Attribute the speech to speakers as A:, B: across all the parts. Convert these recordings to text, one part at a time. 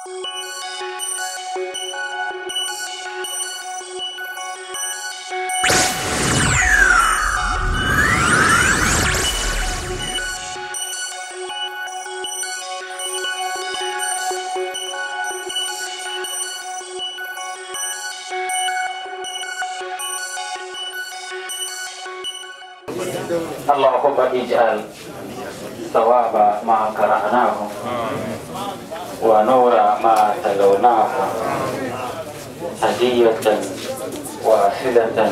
A: Allahumma
B: ij'al thawaba
C: ma qara'nahu amin hmm. ونور ما تلوناه هدية واصلة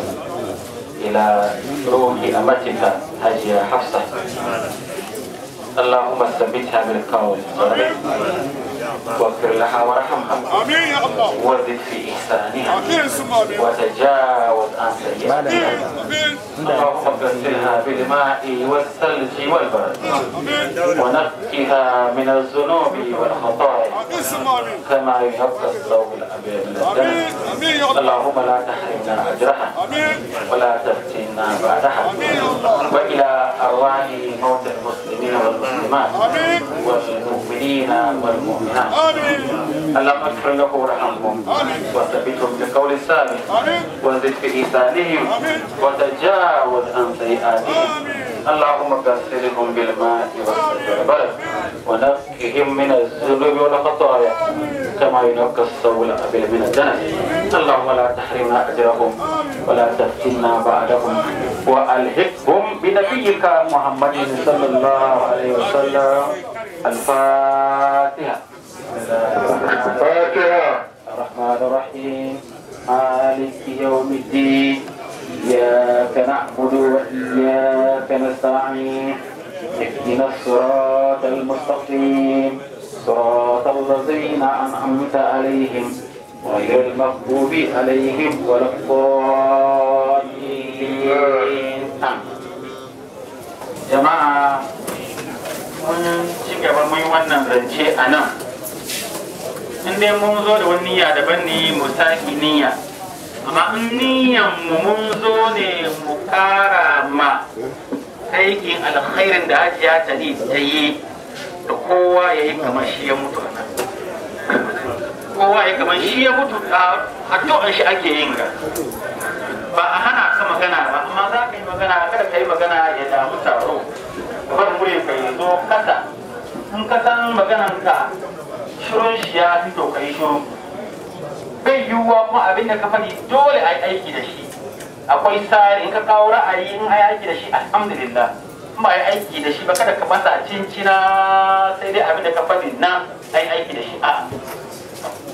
C: إلى روح أمتك هذه حفصة اللهم ثبتها بالقول واغفر لها وارحمها
D: امين يا الله
C: وزد في احسانها امين وتجاوز عن سيئاتها
E: اللهم اغسلها بالماء والثلج
C: والبرد امين ونقها من الذنوب والخطايا امين كما ينقى الثوب الابيض من الدم اللهم لا تحرمنا اجرها امين ولا تفتنا بعدها امين والى
F: ارواح موت المسلمين والمسلمات
C: والمؤمنين والمؤمنات اللهم اغفر له وارحمهم وثبتهم بقول السالم وزد في إيثارهم وتجاوز عن سيئاتهم اللهم غسلهم بالماء والبرد ونقهم من الذنوب والخطايا كما ينقى الثوب الابيض من الدنس الله ولا تحرمنا أجرهم ولا تفتنا بعدهم وألحقهم بنبيك محمد صلى الله عليه وسلم الفاتحة الفاتحة الرحمن الرحيم مالك يوم الدين إياك نعبد وإياك نستعين اهدنا الصراط المستقيم صراط الذين أنعمت عليهم غير المغضوب عليهم ولا الضالين jama'a mun ci gaba mun wannan zance a nan in dai mun zo da wani niyya daban ne mu saki niyya amma in niyyan mu mun zo ne mu kara ma aikin alkhairin da hajiya ta yi da kowa ya yi kamar shi ya mutu a nan kowa ya kamar shi ya mutu a addu'an shi ake yin ga ba a hana ka magana ba amma za ka yi magana kada ka yi magana ya damu taro bar murin ka yi zo kasa in ka san maganan ka shirin shi ya fito ka yi shiru bai yiwuwa kuma abin da ka faɗi dole a yi aiki da shi akwai tsari in ka kawo ra'ayi in a yi aiki da shi alhamdulillah in ba yi aiki da shi ba kada ka masa cincina sai dai abin da ka faɗi na a yi aiki da shi a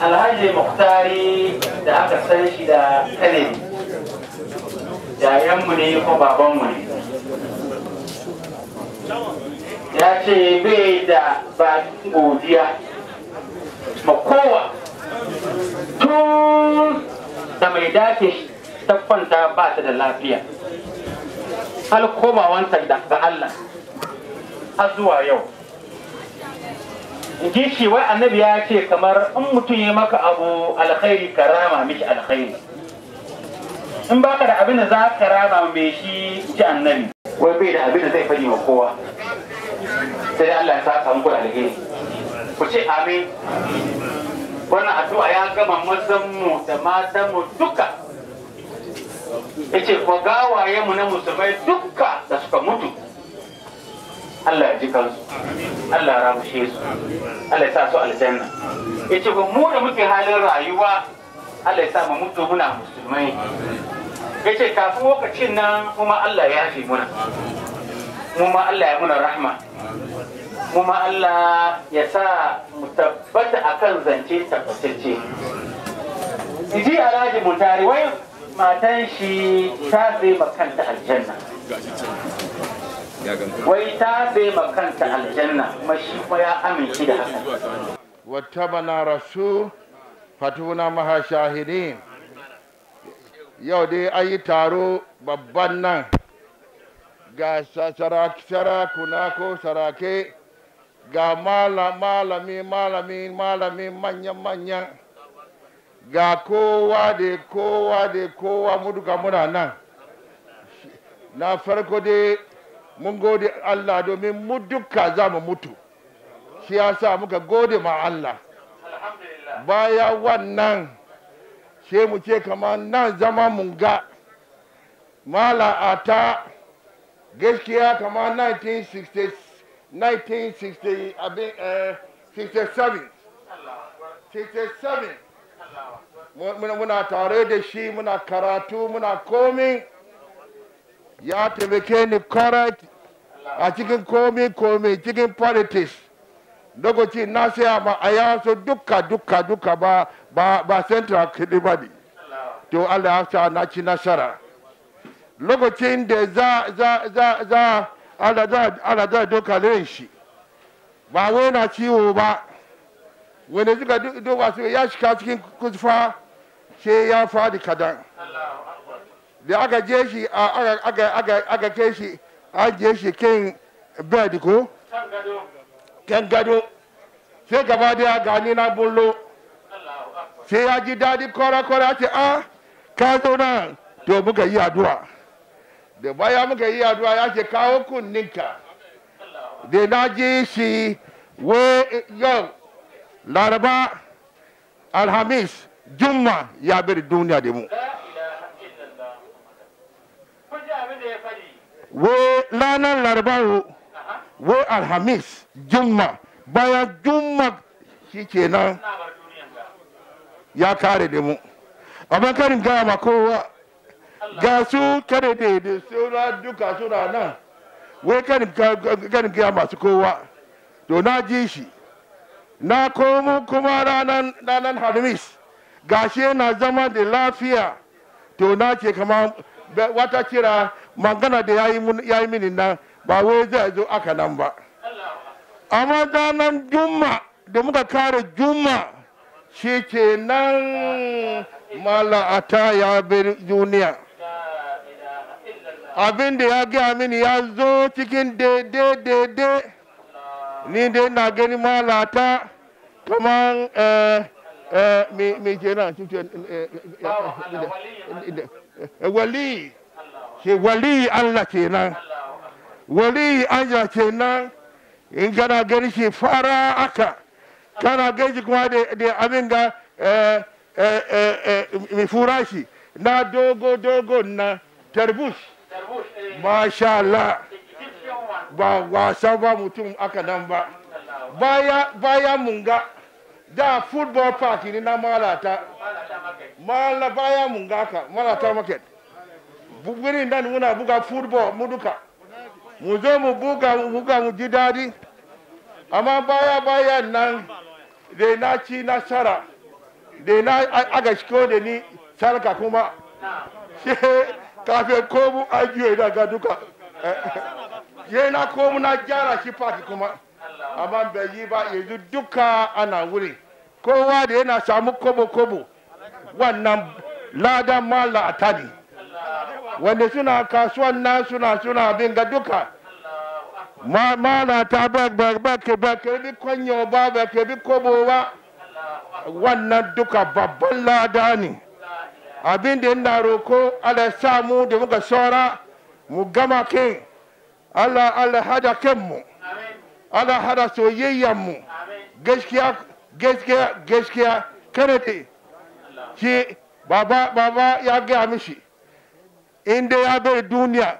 C: alhaji muktari da aka san shi da kane mu ne ko babanmu ne ya ce bai da ba godiya makowa
G: tun
C: da mai dace ta kwanta ba ta da lafiya komawanta ga Allah har zuwa yau ji shi wai annabi ya ce kamar in mutum ya maka abu alkhairi ka rama mishi alkhairi in ka da abin da za ka rama mai shi ji annabi wai bai da abin da zai fadi wa kowa sai da Allah ya saka da gini ku ce amin wannan addu'a ya gama masanmu da matan mu duka ce ko gawaye mu na musulmai duka da suka mutu Allah ya ji kansu Allah ya ramushe su Allah ya sa su aljanna ya ce ba mu da muke halin rayuwa Allah ya sa mu mutu muna musulmai ya ce kafin lokacin nan kuma Allah ya fi muna mu ma Allah ya muna rahma mu ma Allah ya sa mu tabbata akan zance tabbatacce Iji alhaji mutari wai matan shi ta zai makanta aljanna wai ta bai kanta aljanna kuma shi kuma ya amince da haka wattabana
H: rasu fatuna maha shahidin yau dai an yi taro babban nan ga sarakuna ko sarake ga malami malami malami manyan manyan ga kowa da kowa da kowa muduka muna nan na farko dai mun gode Allah domin mu dukka za mu mutu shi ya sa muka gode ma Allah baya wannan sai mu ce kama nan zama mun ga mala'ata gaskiya kama 1967 eh, muna tare da shi muna karatu muna komi ya taimake ni correct a cikin komi-komi cikin politics lokaci na saya ba a yaso duka duka duka ba ba ba central kudi to Allah ya sa na ci nasara lokacin da za za za za Allah za Allah za doka ran shi ba wai na ciwo ba wani suka duba su ya shiga cikin kufa sai ya fadi kadan da aka je shi aka ke shi ajiye shi kan bed ko kan gado sai gaba daya gani na bullo sai ya ji daɗi kwara ce a ka zo nan to muka yi addu'a da baya muka yi addu'a ya ce kawo kunninka da na ji shi we yau laraba alhamis juma ya bari duniya de mu wo ranar laraba wo alhamis jumma bayan juma shi kenan ya kare da mu amma karin gaya ma kowa ga su kare da da saura duka suna nan wai karin gaya masu kowa to na ji shi na komo kuma ranar hamis gashi na zama da lafiya to na ce kama wata kira magana da ya yi mini na ba wai zai zo aka nan ba amma ranar juma da muka kare juma shi ke nan mala'ata ya bi duniya abin da ya gaya mini ya zo cikin daidai daidai ni dai na gani mala'ata kamar me kenan wali ke wali Allah kenan wali Allah kenan in gana gani ke fara aka kana gaji kuma da abin da eh, eh, eh, mai fura shi na dogo dogo na tarbus
G: masha Allah ba
H: wasa ba mutum aka nan ba baya munga da football park ne na malata mala baya munga ka malata market gurin nan muna buga football mu duka mu zo mu buga mu buga mu ji daɗi amma baya bayan nan da na ci nasara da na aga shiko da ni sarka kuma she ko komu ajiye daga duka eh, eh. ye na komu na gyara shi pat kuma amma bai yi ba yanzu duka ana wuri kowa da yana samu kobo-kobo wannan ladan mala a tani wanda suna kasuwan na suna suna bin ga duka mana ta ba ba ke ba ke bi kwanyo ba ba ke bi kobo ba wannan duka babban lada ne abin da ina roko ala samu da muka saura mu gama ke Allah Allah hada kanmu ala hada mu gaskiya gaskiya gaskiya kare ce baba baba ya gaya mishi in dai ya bai duniya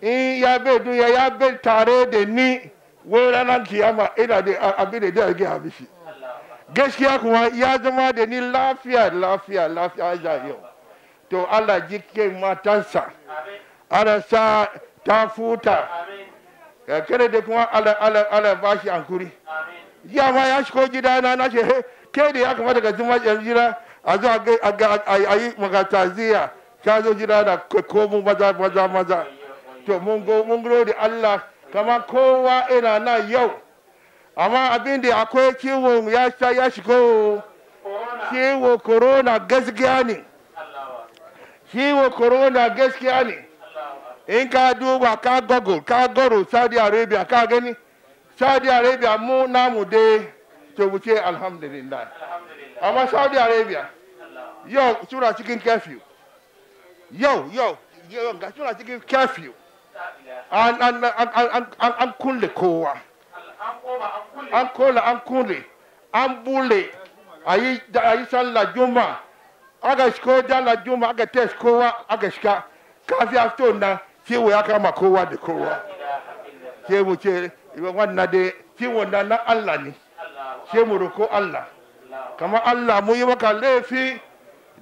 H: in ya bai duniya ya bai tare da ni wai ranar kiyama ina da abin da ya gina mishi gaskiya kuma ya zama da ni lafiya lafiya lafiya a yau to allah ke matansa ana sa ta futa kada da kuma ala ba shi hankuri ya ma ya shigo gida na ce ke da ya kamata ka zama jira a zo a yi magataziya kazo jira gida da komo maza maza maza to mun go mun da Allah kama kowa ina na yau amma abin da akwai kiwo ya sha ya shigo kiwo corona gaskiya ne kiwo corona gaskiya ne in ka duba ka google ka goro saudi arabia ka gani saudi arabia mu namu de to mu ce alhamdulillah amma saudi arabia yau sura cikin curfew yau yau yau ga suna cikin curfew an an an an kulle kowa an kola an kulle an bule a yi sallah juma aka shigo jala juma aka test kowa aka shiga kafi a na, nan wo ya kama kowa de kowa ke mu ce wannan da ciwo na na Allah ne ke mu roko Allah kamar Allah mu yi maka laifi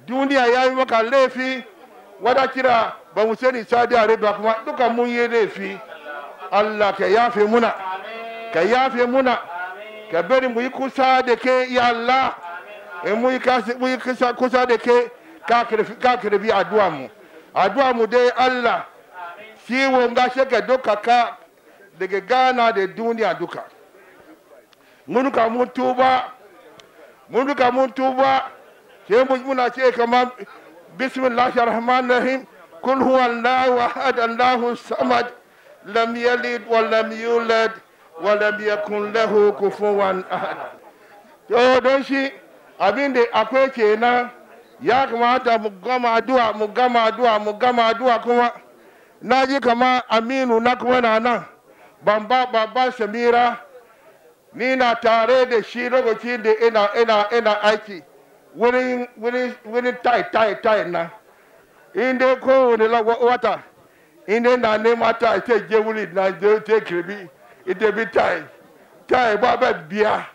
H: duniya ya yi maka laifi wada kira ba mu sani sadi arabia kuma duka mun yi laifi allah ka yafe muna ka yafe muna ka bari mu yi kusa da ke ya allah in eh, mu yi kusa da ke ka karbi addu'a mu addu'a mu dai allah ciwon gashe ka duka ka daga Gana da duniya duka mun ka mun tuba mun ka mun tuba sai muna ce kamar بسم الله الرحمن الرحيم كل هو الله واحد الله الصمد لم يلد ولم يولد ولم يكن له كفوا احد to don shi abin da akwai kenan ya kamata mu gama addu'a mu gama addu'a mu gama addu'a kuma na ji kama aminu na kuma na nan bamba baba samira ni na tare da shi lokacin da ina ina Wini wurin wurin tai tai tai na ko dai la wata in dai na nema tai sai je wuli na je te kirbi ita bi tai tai ba ba biya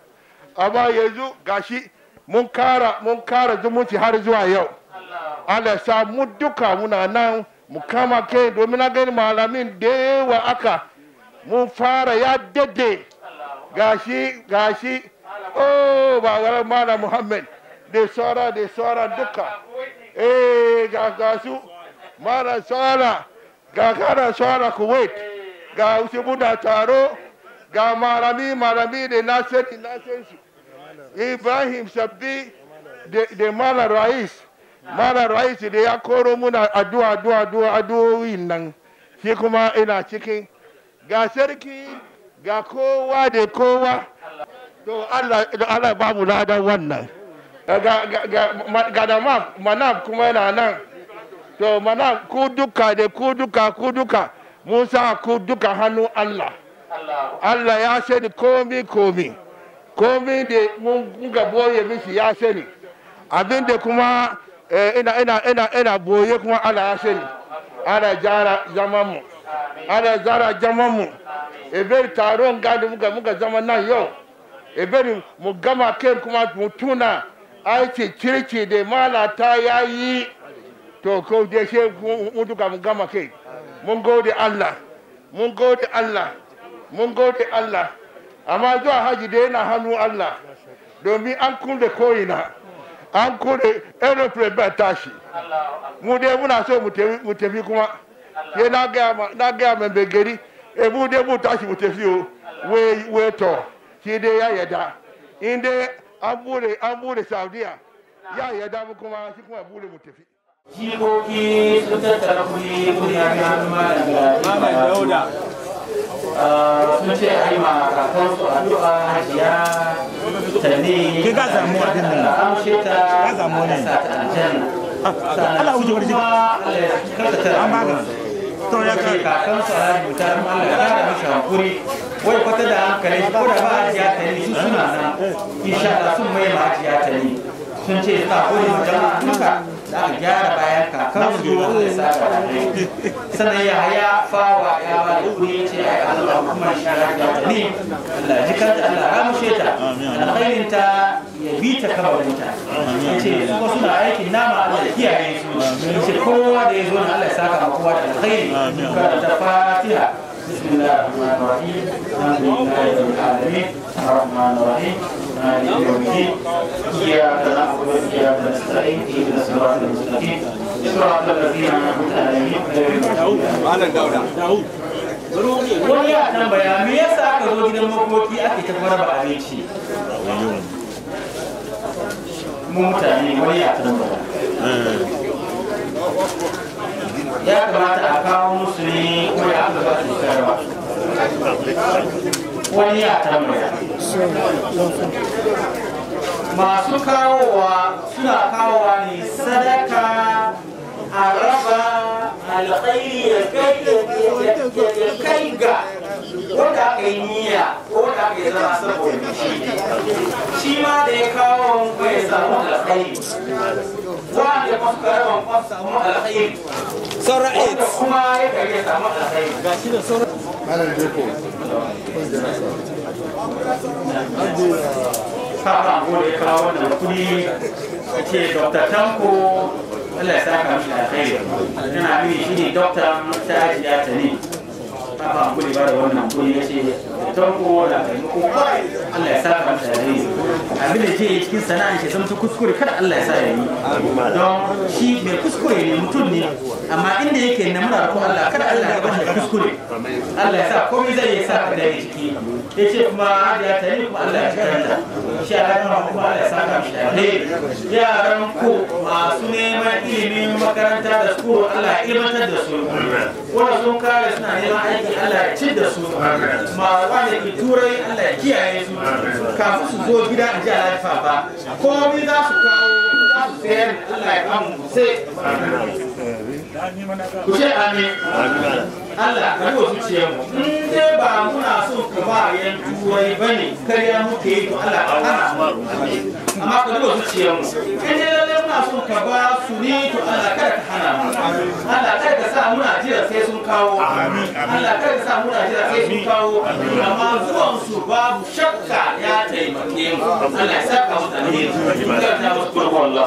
H: amma yanzu gashi mun kara mun kara zumunci har zuwa yau Allah sa mu duka muna nan mu kama kai domin na gani malamin da wa aka mun fara ya dade gashi gashi oh ba wala muhammad da shara da shara duka eh ga ga su mara shara
D: ga gara shara kuwait
H: ga usu buda taro ga marami marami da na sani na su ibrahim sabbi da mara rais mara rais da ya koro muna addu'a addu'a addu'a addu'o'i nan shi kuma ina cikin ga sarki ga kowa da kowa to Allah Allah babu ladan wannan Eh, ga da manaf kuma yana nan to manaf ku duka da ku duka ku duka musa ku duka hannu allah allah ya sani komi komi komi da mun ga boye mishi ya sani abin da kuma eh, ina ina ina ina boye kuma allah ya sani ana jara zaman mu
B: ana jara zaman
H: mu ebe taron gadi muka zama nan yau ebe mu gama kai kuma mu tuna aiki kirki da malata ya yi to ko da shi mun duka mun gama kai mun gode Allah mun gode Allah mun gode Allah amma zuwa haji da yana hannu Allah domin an kunde koyina an kunde aeroplane ba tashi mu dai muna so mu tafi kuma ya na gaya mai mai gari e mu dai mu tashi mu tafi o we to shi dai ya yada in an bude an bude saudiya ya ya da damu kuma shi kuma bude mu tafi
C: jikoki sun tattara kuɗi kuɗi a hannun malam dauda ah, sun ce a yi ma kakansu addu'a hajiya tani ki ga zamu din nan amshe ta ga zamu ne sannan kuma Allah ya kyautata amma to ya ce kakan sa ya rubuta mu Allah ya da mishi hankuri wai kwata da hankali ko da ba ajiya ta ne su suna na insha Allah sun mai ma ajiya ta ne sun ce ta gode mu jama'a duka za a gyara bayan ka kan su sannan ya haya fawa ya ba da kuri ce ya yi Allah kuma shara da ni Allah ji kanta Allah ramushe ta alkhairin ta ya bi ta kabarinta ya ce su wasu na aikin nama Allah kiyaye su ce kowa da ya zo na Allah ya saka ma kowa da alkhairi ka ta fatiha Bismillahirrahmanirrahim. Alhamdulillahi rabbil alamin. Arrahmanirrahim. Maliki yawmiddin. Iyyaka na'budu wa iyyaka nasta'in. Ihdinas siratal mustaqim. Shirotal ladzina an'amta 'alayhim, ghayril maghdubi 'alayhim wa ladh-dhalin. Wa hiya an bayamiyasa ka godi namo ko ki ake tabara ba aici. Mu mutane ya kamata a kawo musu ne ko ya aka ba su sarrafa wani ya tambaya masu kawowa suna kawowa ne sadaka a raba alƙairi ya kai ga wanda aka yi niyya ko wanda aka yi zama saboda shi shi ma da ya kawo wanku ya samu alkhairi kuma
I: suka kuma samu alkhairi
C: sauran aids wanda kuma ya kare samu alkhairi ga
J: da sauran malam ko da
C: ya kawo wannan kuɗi ce Dr. Tanko Allah ya saka mishi alkhairi. Yana nuni shi ne Dr. Mutaji ya haka an kuli ba da wannan kuli ya ce don kowa da kai ko Allah ya sa ka masa yayi abin da ke cikin sana'a shi zama ta kuskure kada Allah ya sa ya yi don shi mai kuskure ne mutum ne amma inda yake na muna ko Allah kada Allah ya bashi kuskure Allah ya sa komai zai ya sa ka da ciki ya ce kuma ya ta yi kuma Allah ya karanta. ta shi ya ran kuma Allah ya sa ka masa yayi yaran ku masu neman ilimin makaranta da su Allah ya ilmantar da su wanda
J: sun kare suna neman aiki Allah ya ci da su ma wani ki turai Allah ya kiyaye su kafin su zo gida a ji alafa ba
C: komai za su kawo za su sayar Allah ya kamu sai
A: ku ce amin Allah ka ruwa zuciyarmu
C: in dai ba muna so ka ba yan turai ne kariya muke yi to Allah ka hana mu amma ka ruwa zuciyarmu in dai lalle muna so ka ba su ne to Allah kada ka hana mu Allah kada ka sa muna jira sai sun kawo Allah kada ka sa muna jira sai sun kawo amma zuwan su babu shakka ya taimake mu Allah ya saka mu da alheri kada ta ba Allah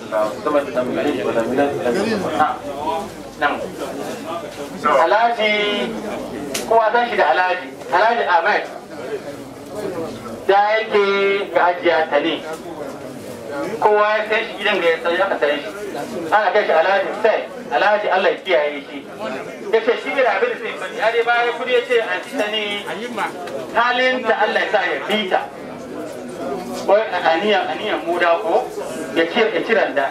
C: alhaji kowa san shi da alhaji alhaji ahmed da yake ga ajiya ta ne kowa ya san shi gidan ga ya san aka san shi ana kai shi alhaji sai alhaji allah ya kiyaye shi ya ce shi da abin da sai ya dai baya kudi ya ce a ci ta ne halin da allah ya sa ya bita wai aniyan aniyan muda ko ya ce ya ciran da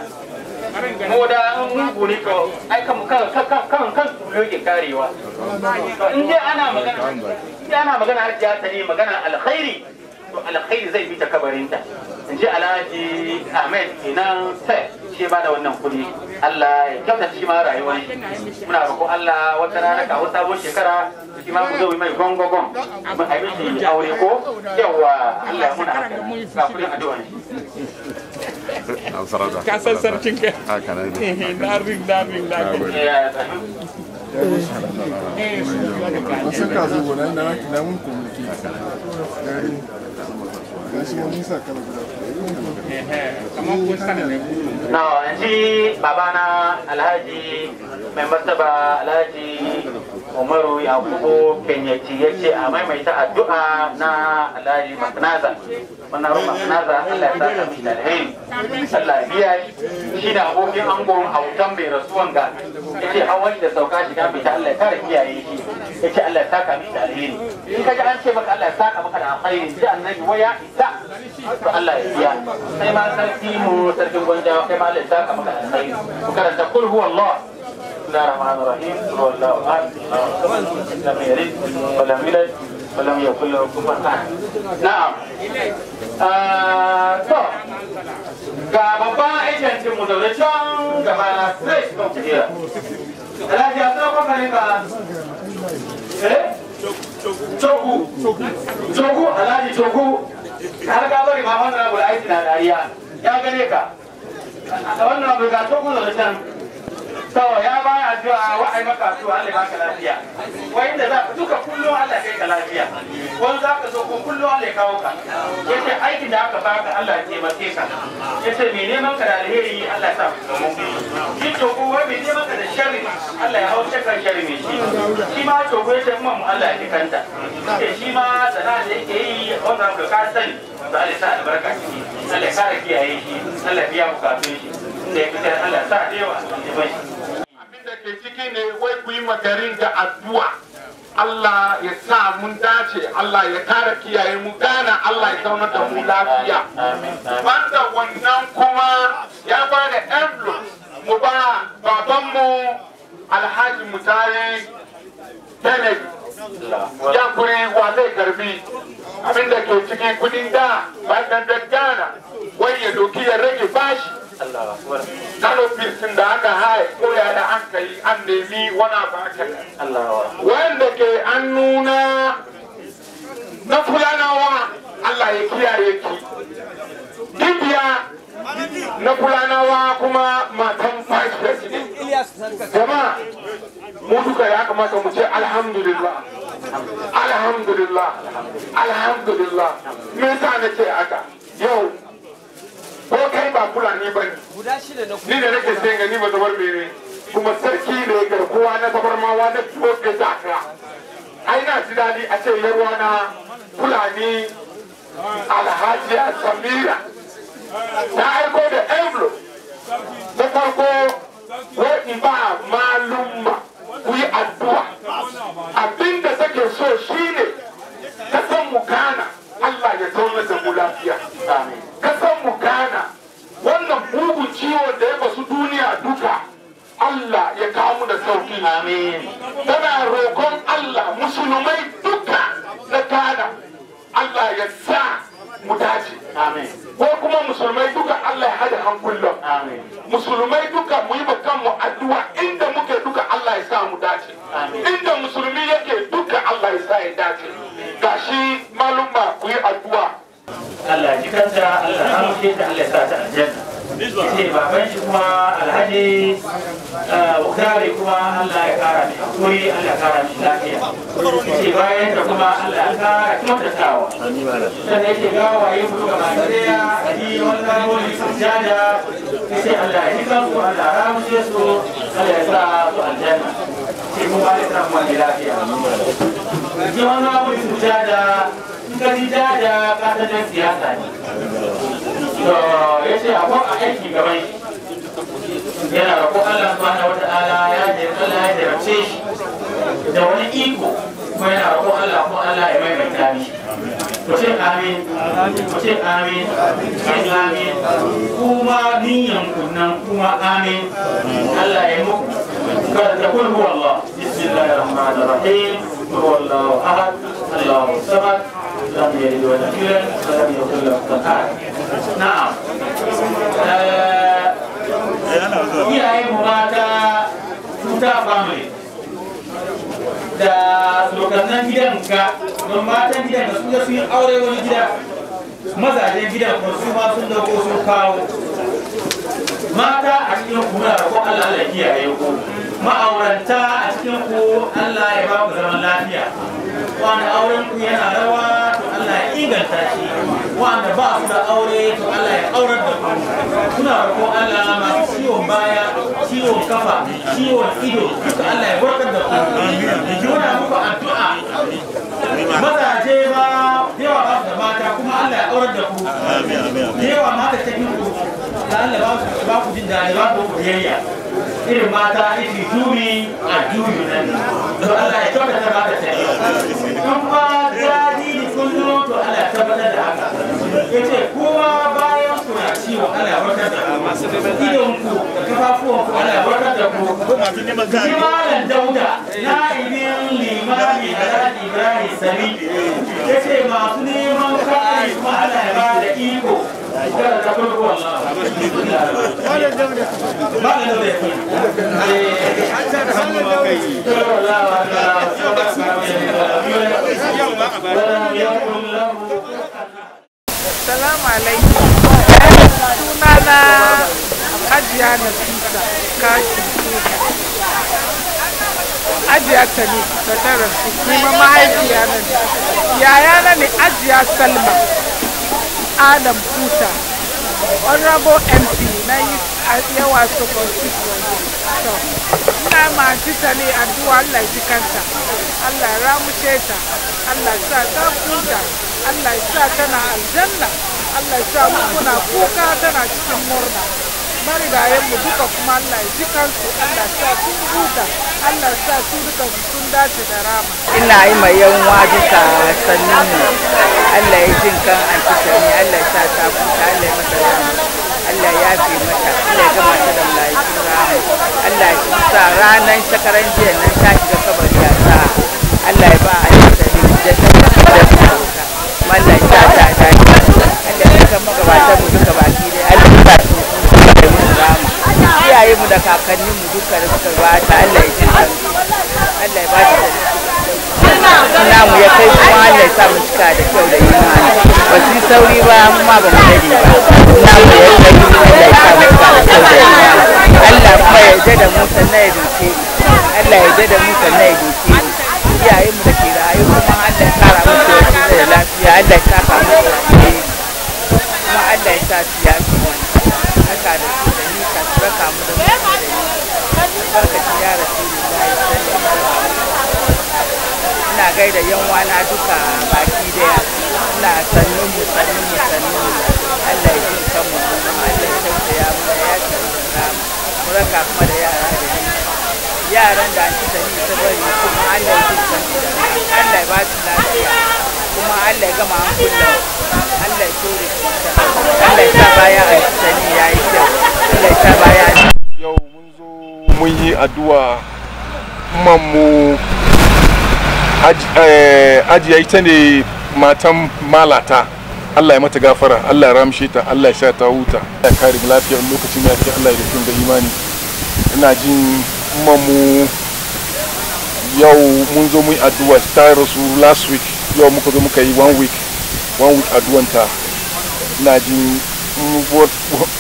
C: muda in mugu ne to ai kan kan kan kan kan tulo ke karewa to in dai ana magana in ana magana har ya tare magana alkhairi to alkhairi zai bi ta kabarinta in ji alhaji ahmed kenan sai shi ba da wannan kuɗi Allah ya kyauta shi ma rayuwar muna roƙo Allah wata rana ka wata sabon shekara shi ma ku zo mai gongogon mun a shi aure ko yawa Allah ya muna haka
B: ga ka san sarkin ka
F: ne
C: no shi babana alhaji mai martaba alhaji umaru yakubu kenyaci ya ce a maimaita addu'a na alhaji maknaza manarun maknaza allah ya sa ka allah biya shi da abokin angon hautan mai rasuwan ga ya ce hawan da sauka shiga mai allah ya kare kiyaye shi yace Allah ya saka miki da alheri in ka ji an ce maka Allah ya saka maka da alheri ji annabi waya isa
D: to Allah ya biya
C: sai ma sarki mu sarkin gwanja kai ma Allah ya saka maka da alheri ku karanta kul ah, to ga babban mu gaba na don kujera a
G: tsawon kwafarin ka
C: eh cogu cogu alhaji cogu har ka bari ma wannan abu aiki na dariya ya gane ka a wannan abu ga cogu da can to ya baya addu'a wa ai maka addu'a Allah ka lafiya wa inda za ka duka kullum Allah kai ka lafiya wani za ka zo kun kullum Allah ya kawo ka yace aikin da aka baka Allah ya taimake ka yace me neman ka da alheri Allah ya sa ka mu shi cogu wai me neman ka da shar Allah ya hau shakar mai shi shi ma cogo ta kuma mu Allah ya kanta ke shi ma sana da yake yi wanda ka sani to Allah sa albarka shi Allah kare kiyaye shi Allah biya kafe shi inda ya fitar Allah sa
G: dewa ya bai da ke ciki ne wai ku yi magarin da addu'a Allah ya sa mun dace Allah ya kare kiyaye mu gana Allah ya zauna da mu lafiya banda wannan kuma ya bada envelope mu ba babanmu alhaji mutare ya kuri wa zai karbi abinda ke cikin kudin da bayan da gana wai ya doki ya rage bashi kano birtin da aka haye koya da an kai an nemi wani abu aka wanda ke an nuna na fulanawa Allah ya kiyaye ki dibiya na kulanawa kuma matan vice
D: president jama'a
G: mu duka ya kamata mu ce alhamdulillah alhamdulillah alhamdulillah me yasa na ce haka yau ko kai ba fulani ba ne
E: ni da nake sai
G: gani ba zabar mere kuma sarki ne garkuwa na zabar mawa na tuwo ga zaka ai na ji dadi a ce yarwa na fulani alhaji samira na aiko da envelope na farko wai ba malumma ku yi addu'a abinda take so shine san mu gana Allah ya zauna da mu lafiya san mu gana wannan bugun ciwon da ya basu duniya duka Allah ya kamu da sauki tana roƙon Allah musulmai duka na gana Allah ya sa mutaci ko kuma musulmai duka Allah ya hada kullum musulmai duka mu yi mu addu'a inda muke duka Allah ya sa mu dace inda musulmi yake duka Allah ya sa ya dace shi maluma ku yi addu'a
F: Allah
C: ya ji kanta Allah ya amince ta Allah ya sa ta aljanna shine baban shi kuma
G: alhaji
C: eh, bukari kuma allah ya kara mai hakuri allah ya kara mai lafiya
G: shi bayan da kuma allah ya kara kyautatawa sannan yake gawaye
C: mu ga matsariya a yi wani kalmomi sun jada sai allah ya ji kansu allah ya ramushe su allah ya sa su aljanna shi kuma ya sa mu wani lafiya. Jiwa na abu sun jada, in ka ji jada ka ta siyasa ne. ya ce a kwan aiki gaban shi yana da ko Allah subhanahu wa ta'ala ya jarabce shi da wani iko ko yana da ko Allah ko Allah ya maimaita mishi ku ce amin ku ce amin amin amin kuma niyan kunnan kuma amin Allah ya muku kada ta kun huwa Allah bismillahir rahmanir rahim huwa Allahu ahad Allahu samad lam yalid wa lam yulad wa lam yakul lahu kufuwan ahad na'am iyaye mu mata tuta family da dokannan don matan sun yi aure wani gida mazajen gidan kuma su ma sun dauko sun kawo mata a cikin ku muna roƙon Allah Allah kiyaye ku ma'auranta a cikin ku Allah ya ba ku zaman lafiya wanda auren ku yana rawa to Allah ya inganta shi wanda ba su da aure to Allah ya aurar da ku kuna roƙon Allah masu ciwon baya ciwon kafa ciwon ido duka Allah ya warkar da ku muna muku addu'a mazaje ba yawa ba su da mata kuma Allah ya aurar da ku yawa mata ta biyu ku da Allah ba ku jin daɗi ba ku biyayya irin mata ifi tumi a juyu nan to Allah ya in ba jariri kun zama da haka yace kuma bayan kuna ciwo Allah ku dauda na ibin limani da ibrahim sami yace masu neman kai kuma ala ya bada da iko Assalamu
A: alaikum. Sunana Hajiya Nafisa Kashi Ajiya Tani ta tara su kuma mahaifiya nan. Yaya na ne Ajiya Salma. Adam Kuta, Honorable MP na yawa su constituency. To, ina ma ne addu'a Allah ji kanta, Allah ramushe ta, Allah Allah tana aljanna, Allah kuka tana cikin murna. marigayenmu duka kuma Allah ji kansu Allah sa sun huta Allah sa su duka sun dace da rama. Ina yi mai yanwa duka sannan mu
E: Allah ya jin kan anti sani Allah sa ta huta Allah ya mata rama Allah ya fi mata Allah ya gama ta da rama Allah sa ranar shakaran jiya nan ta shiga kabari ya sa Allah ya ba anti sani da ta da ta Allah ya sa ta ta Allah ya ga magabatan mu duka ba kakannin mu duka da suka ba ta Allah ya ji Allah ya ba ta da namu ya kai kuma Allah ya sa mu cika da kyau da imani ba su yi sauri ba mu ma ba mu dade ba namu ya kai Allah ya sa mu cika da kyau da imani Allah kuma ya je da mu sannan ya doke Allah ya je da mu sannan ya doke mu da ke rayu kuma Allah ya kara mu da lafiya Allah ya saka lafiya kuma Allah ya sa su ina gaida yan wana duka baki daya ina sannu mu sannu mu sannu mu Allah ya jin kanmu Allah ya ya mu ya tausaya mu mu raka kuma da yara da yaran da anti tani ta bari kuma Allah ya jin kansu Allah ya ba su lafiya kuma Allah ya gama an kulla Allah ya tsore cuta Allah ya sa baya anti
F: tani yayi kyau Allah ya sa baya yau mun zo mun yi addu'a mamu ajiya eh, ita ne matan malata Allah ya mata gafara Allah ya ramshe ta Allah ya sha ta huta ya kare lafiyar lokacin ya ce Allah ya rufe da imani ina jin mu yau mun zo mun addu'a ta rasu last week yau muka zo muka yi one week one week addu'an ta ina jin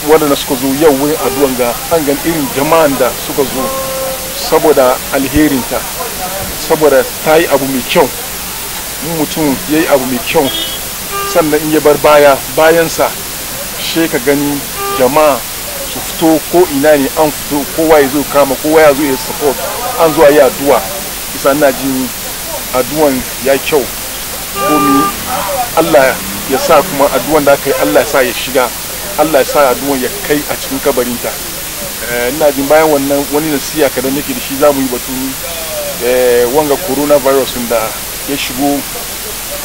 F: wadanda suka zo yau wurin addu'an ga an gan irin jama'an da suka zo saboda alherinta saboda ta yi abu mai kyau mutum ya yi abu mai kyau sannan in ya bar baya bayansa she ka gani jama'a su fito ko ina ne an fito kowa ya zo kama kowa ya zo ya support an zuwa yi addu'a isa na jin addu'an ya kyau komi allah ya sa kuma addu'an da aka yi allah ya sa ya shiga allah ya sa addu'an ya kai a cikin kabarinta Eh, ina jin bayan wannan wani nasiya kadan nake da shi za mu yi batu eh, wanga coronavirus da ya shigo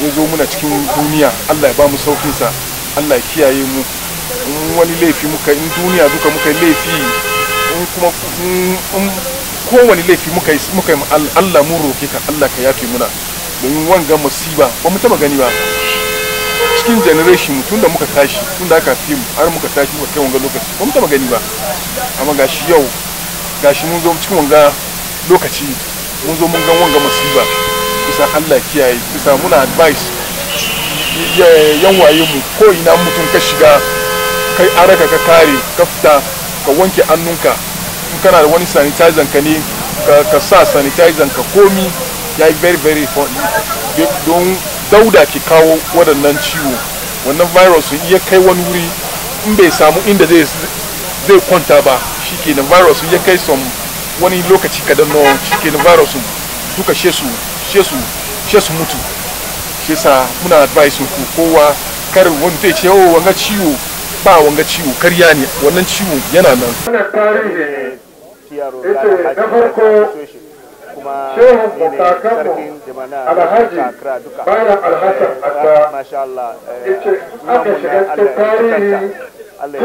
F: ya zo muna cikin duniya allah ya ba mu saukinsa allah ya kiyaye mu in wani laifi muka in duniya duka muka yi laifi in kuma kowane laifi muka yi allah mu roke ka allah ka yafe muna domin wanga masiba ba mu taba gani ba cikin generation tun da muka tashi tun da aka fi mu har muka tashi muka kai wanga lokaci ba mu taba gani ba amma gashi yau gashi mun zo cikin wanga lokaci mun zo mun gan wanga masiba bisa Allah kiyaye bisa muna advice yan waye mu ko ina mutum ka shiga kai araka ka kare ka fita ka wanke annunka in kana da wani sanitizer ka ne ka sa sanitizer ka komi ya yi very very don dauda ke kawo waɗannan ciwo wannan virus ya kai wani wuri in bai samu inda zai kwanta ba shikenan virus ya kai son wani lokaci kadan na shikenan virus duka shesu su mutu shi sa muna advice ku kowa kar wani zai ce yawon oh, wanga ciwo ba wanga ciwo karya ne wannan ciwo yana nan
D: wannan tarihi ne ita farko kuma sarkin alhaji bayan alhassan eh, Allah eh, aka shiga cikin tarihi Allah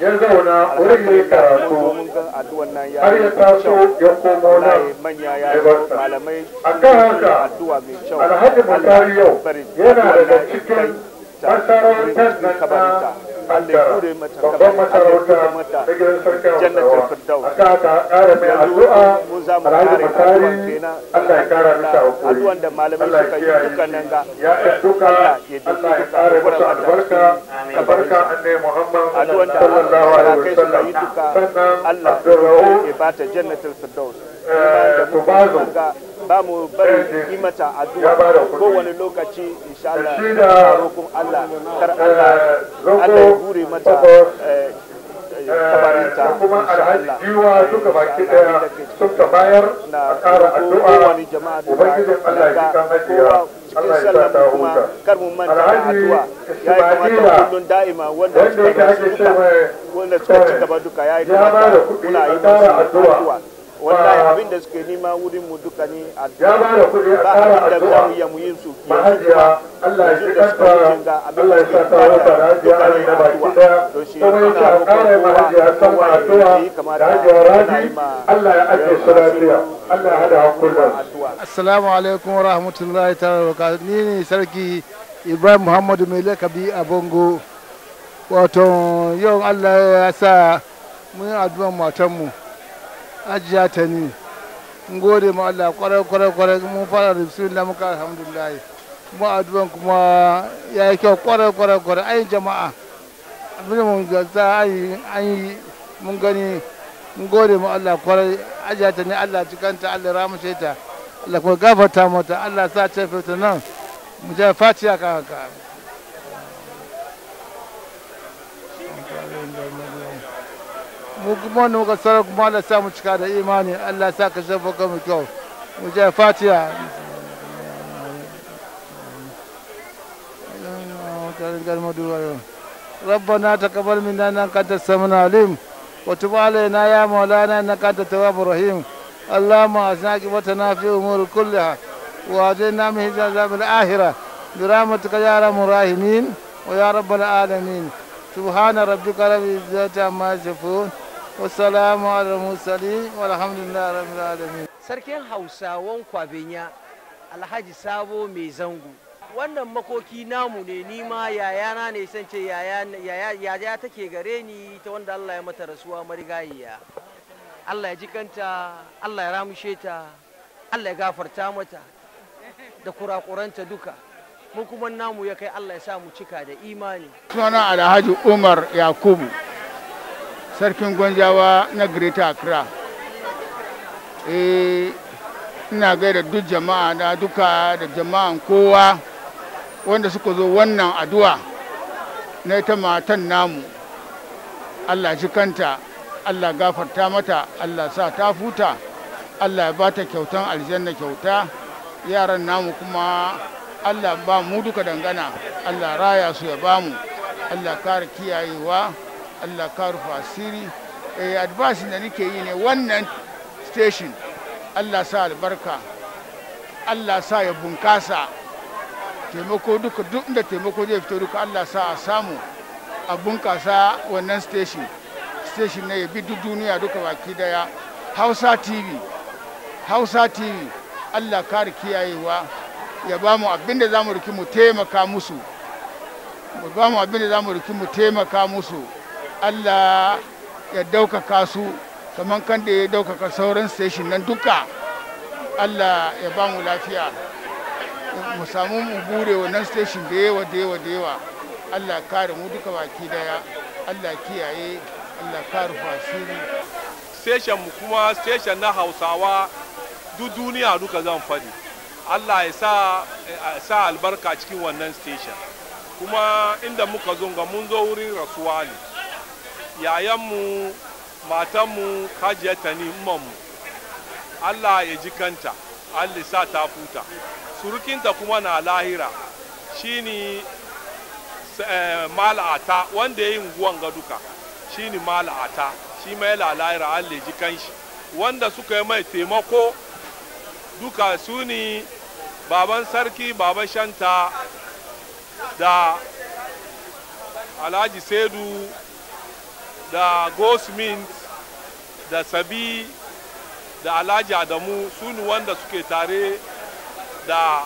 D: ya wannan wurin karatu har ya taso ya komo nan ya haka alhaji yau yana daga cikin masarautar nan Allah babban masarauta ta gidan sarki Hausawa aka aka kara mai addu'a Allah ya kara mata ya Allah ya albarka ka barka Muhammad sallallahu alaihi sannan ya bata jannatul firdaus
I: eh, tubazo
D: ba mu bari eh, eh. yi mata addu'a wani lokaci insha Allah da rokon Allah kar eh, Allah Allah ya hure mata kabarinta kuma alhaji duka baki daya suka bayar a addu'a Allah ya ya kuma kar mu manta addu'a ya kamata da'ima wanda suka wanda suka ci gaba duka ya kamata muna yi wallahi abin da suke nima wurin mu duka ne a ba abin da za mu iya mu yin su yanzu Allah ya da suka yi ga abin da suke fata duka ne a tuwa to shi yana roƙon kowa kowa yi kamar da yana yi ma Allah ya ake su lafiya Allah ya hada hakulan
J: assalamu alaikum wa rahmatullahi ta'ala wa ni ne sarki Ibrahim Muhammadu mai lakabi a Bongo wato yau Allah ya sa mun yi addu'ar matanmu mu ajiya ta ni in gode ma Allah kwarar kwarar kwarar mun fara da bismillah muka alhamdulillah mu addu'an kuma ya yi kyau kwarar kwarar kwarar ayin jama'a abin da mun gasa an yi mun gani mun gode ma Allah kwarar ajiya ta ni Allah cikanta Allah ramushe ta Allah kuma gafarta mata Allah sa ce fita nan mu je fatiya ka haka mu وقصرك mu ga sarar kuma Allah sa mu cika da imani Allah ربنا تقبل منا انك انت السميع العليم وتب علينا يا مولانا انك انت التواب الرحيم اللهم اعزنا وتنا في امور كلها واجرنا من هجر الاخره برحمتك يا ارحم الراحمين ويا رب العالمين سبحان ربك رب العزه عما يصفون wasalamu ala musali walhamdulillah rabbil alamin
F: sarkin hausawan
C: kwabenya alhaji sabo mai zango wannan makoki namu ne ni ma yayana ne san ce yaya take gare ni ta wanda Allah ya mata rasuwa marigayiya Allah ya jikanta Allah ya ramushe ta Allah ya gafarta mata da kurakuranta duka mu kuma namu ya kai Allah ya sa
E: mu cika da imani
A: sunana alhaji Umar Yakubu sarkin gwanjawa na greater accra eh, ina gaida duk jama'a na duka da jama'an kowa wanda suka zo wannan addu'a na ita matan namu allah ji kanta allah gafarta mata allah sa ta futa allah ya bata kyautan aljanna kyauta yaran namu kuma allah ba mu duka dangana allah raya su ya bamu allah kare kiyayewa Allah ka rufe asiri eh advice da nake yi ne wannan station Allah sa albarka Allah sa ya bunkasa taimako duka duk inda taimako zai fito duka Allah sa a samu a bunkasa wannan station station ne ya bi duk duniya duka baki daya Hausa TV Hausa TV Allah kare kiyayewa ya ba mu abin da za mu riki mu taimaka musu ba mu abin da za mu riki mu taimaka musu allah ya daukaka su kamar kan da ya daukaka sauran station nan duka allah ya ba mu lafiya mu samu mu bure wannan station da yawa da yawa da yawa allah kare mu duka baki daya allah kiyaye allah kare fasiri
I: station mu kuma station na hausawa duk duniya duka zan fadi allah ya sa albarka cikin wannan station kuma inda muka zo ga mun zo wurin rasuwa ne yayanmu matanmu ta ni mu allah ya ji kanta allah sa ta futa surukinta kuma na lahira Shi ni eh, mala'ata wanda ya yi unguwan ga duka shine mala'ata shi mai lahira allah ya ji kanshi wanda suka yi mai taimako duka su ne baban sarki baban shanta da alhaji sedu da gosmint da sabi da alhaji adamu su wanda suke tare da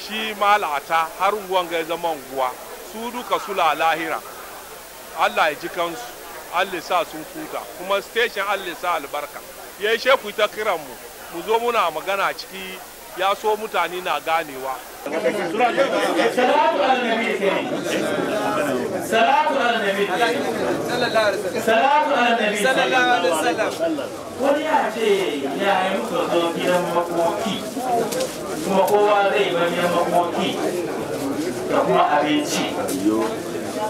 I: shi malata har unguwan ga zama unguwa su duka su la lahira allah ya ji kansu allah sa sun kuta kuma station allah sa albarka ya yi sheku ta kiranmu mu zo muna magana ciki ya so mutane na ganewa سلام على النبي الكريم سلام على النبي صلى سلام عليه وسلم سلام على
E: النبي صلى سلام عليه وسلم سلام ya ce سلام yi muka سلام gidan makoki
C: سلام kowa zai سلام gidan makoki سلام kuma abinci da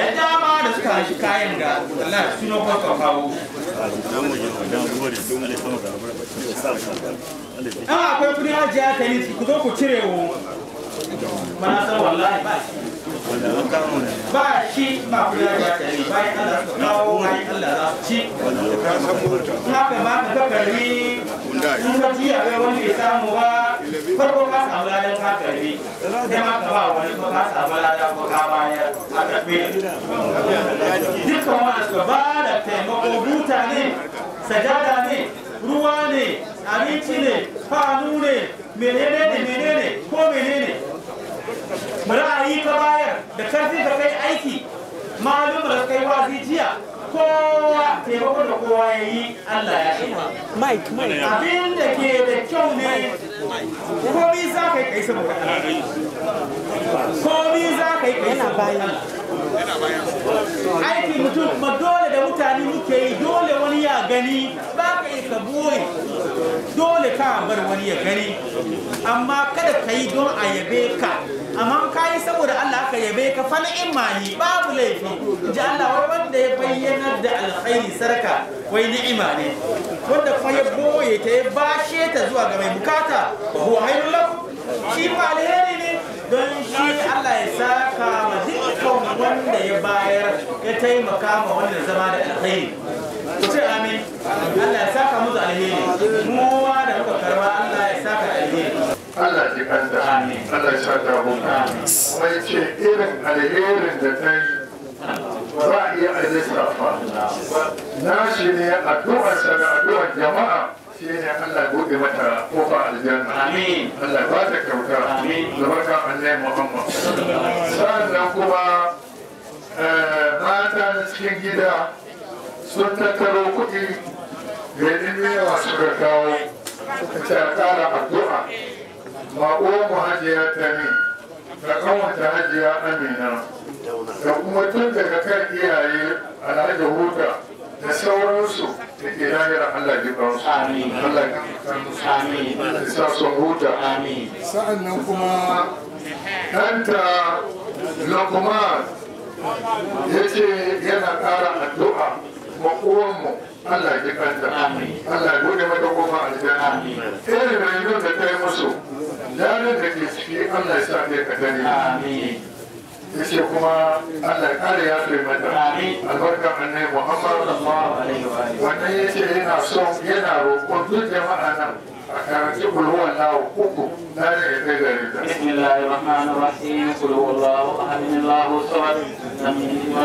C: ya dama da suka hashi kayan ga wallahi su na kwakwa kawo a akwai kudin ajiya ta yi ku zo ku cire wo
A: mana san wallahi ba
D: ba
C: shi ba kula da bayan Allah su kawo bayan Allah za su ci in haka ma ka kakari in ka ci abai wanda ya bayar a karbe dukkan wanda suka ba da taimako buta ne sajada ne ruwa ne abinci ne fanu ne menene ne menene ko menene ra'ayi ta bayar da karfi da kai aiki malum da kai wazi jiya kowa taimako da kowa ya yi Allah ya yi Mike
E: Mike abin da ke da kyau ne
C: komi za ka yi kai sama ka komi za ka yi kai sama aiki mutum ma dole da mutane muke yi dole wani ya gani ba ka yi ka boye dole ka bar wani ya gani amma kada ka yi don a yabe ka amma ka yi saboda Allah ka yabe ka fana in mahi babu laifi ji Allah wai wanda ya bayyana da alkhairi sarka wai ni'ima ne wanda kuma ya boye ta ya bashe ta zuwa ga mai bukata huwa hayrul shi ba alheri ne don shi Allah ya saka ma dukkan wanda ya bayar ya taimaka ma wanda zama da alkhairi ku ce amin Allah ya saka musu alheri mu da
B: muka karba Allah ya saka alheri Allah ji kanta Allah sha ta huta kuma ya ce irin alherin da ta yi ba a iya alisafa na shi ne addu'ar sa da addu'ar jama'a shi ne Allah buɗe mata kofa aljanna Allah ba ta kyauta da ka Allah Muhammad sannan kuma eh, mata na cikin gida
I: sun tattaro
B: kuɗi garin yawa suka kawo suka ce a ƙara addu'a ma uwanmu hajiya ta ne da kawanta hajiya amina da kuma tun daga kan iyaye alhaji huda da sauransu da ke lahira Allah ji ba su Allah ji da sa son huta sa'an nan kuma ɗanta lokuma ya ce yana ƙara addu'a ma uwanmu Allah ya kanta Allah ya gode mata kofa a cikin irin rayuwar da ta yi musu lalar da ke ciki Allah ya sa ne ka gani yace kuma Allah ya kare ya fi mata albarka annai Muhammad wannan yace yana son yana roƙon duk jama'a nan هو الله بسم الله الرحمن الرحيم قل هو الله احد الله الصمد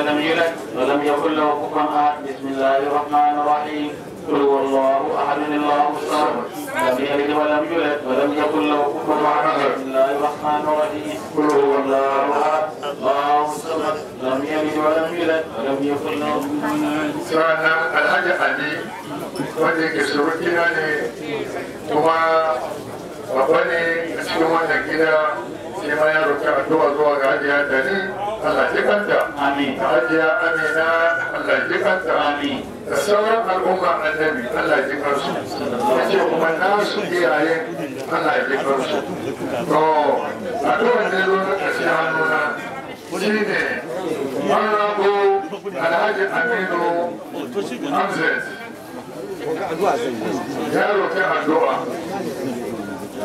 C: لم يلد ولم يكن له كفوا احد بسم الله الرحمن الرحيم قل هو الله احد الله الصمد
G: لم يلد ولم يولد ولم يكن له كفوا احد بسم الله الرحمن الرحيم قل هو الله احد الله
B: الصمد لم يلد ولم يولد ولم يكن له كفوا احد الحاج علي wanda ke surukina ne kuma babba ne ne ma ya roƙi addu'a zuwa ga hajiya ni Allah ji kanta amin hajiya amina Allah ji kanta amin da sauran al'umma annabi Allah ji kansu sai kuma nasu iyaye Allah ji kansu to addu'a da zo na ƙarshe hannuna shi ne marabu alhaji aminu hamzat
A: ya roƙi addu'a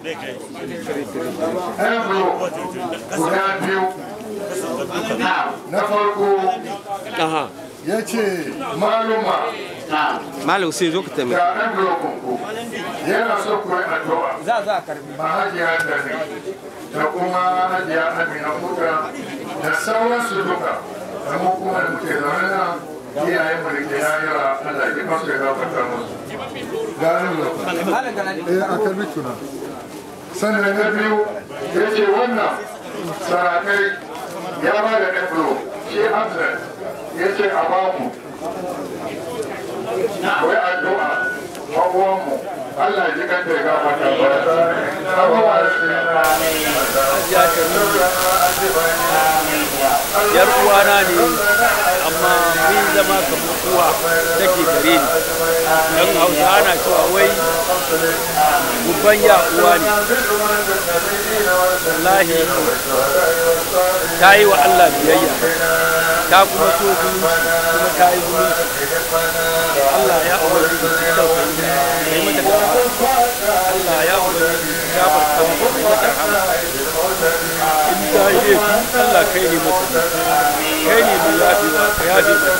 B: guda biyu na farko
H: ya ce maluma malam sai zo ka taimaka taron
B: blokunku
H: yana so ku yi addu'a
B: za za karbi ma hajiya da ne da iyayen mu da ke yayara Allah ya ba su ya gafarta musu garin mu eh akan mutuna sannan na biyu yace wannan a ya ba da ɗafuro shi hamzan yace a bamu wai ba mabuwanmu
E: Allah ji kan da ga mata ba abuwa shi na ya ka nuna ajibani yar uwana ne
C: amma mun zama kamar uwa take gare ni dan hausa ana cewa wai
J: gubban ya uwa ne wallahi ta yi wa Allah biyayya ta kuma so zumunci kuma ta yi zumunci Allah ya aure da su tausayi da yi mata Allah ya aure da su gafarta mata rahama تاجيك الله كيني مصر كيني من يادي وكيادي من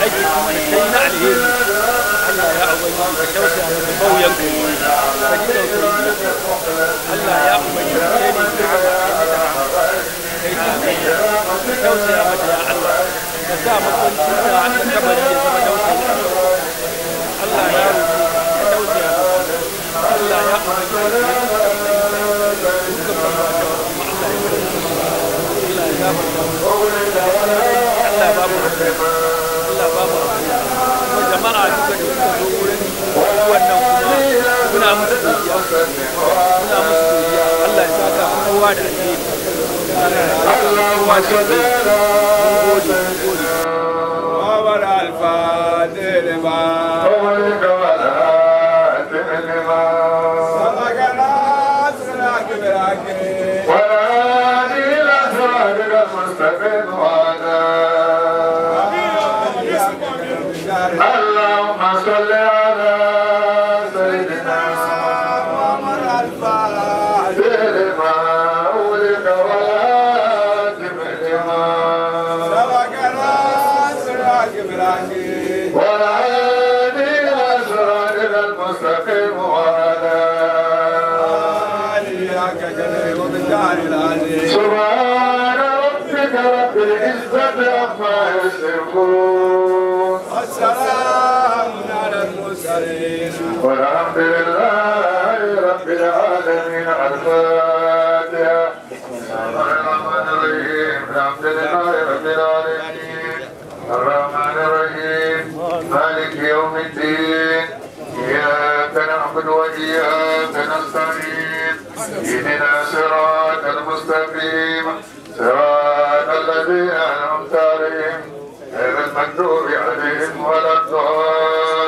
J: عجب كينا عليه الله يا أولي كشوتي على البو ينكو فجده الله يا
E: أولي كيني من عمك كشوتي يا مجد يا الله نسامة كنت عندك كبري يزم كشوتي الله يا أولي كشوتي يا الله يا أولي
D: Allah babu Allah babu kuma jama'a duka da suka zo wurin wannan kuma muna musu godiya muna musu godiya Allah ya saka kowa da alheri Allah
J: ya saka kowa da alheri
B: المرسلون والسلام على المرسلين والحمد لله رب العالمين الفاتحة الرحمن الرحيم الحمد لله رب العالمين الرحمن الرحيم مالك يوم الدين إياك نعبد وإياك نستعين اهدنا صراط المستقيم صراط الذين أنعمت عليهم المكتوب عليهم ولا الضالين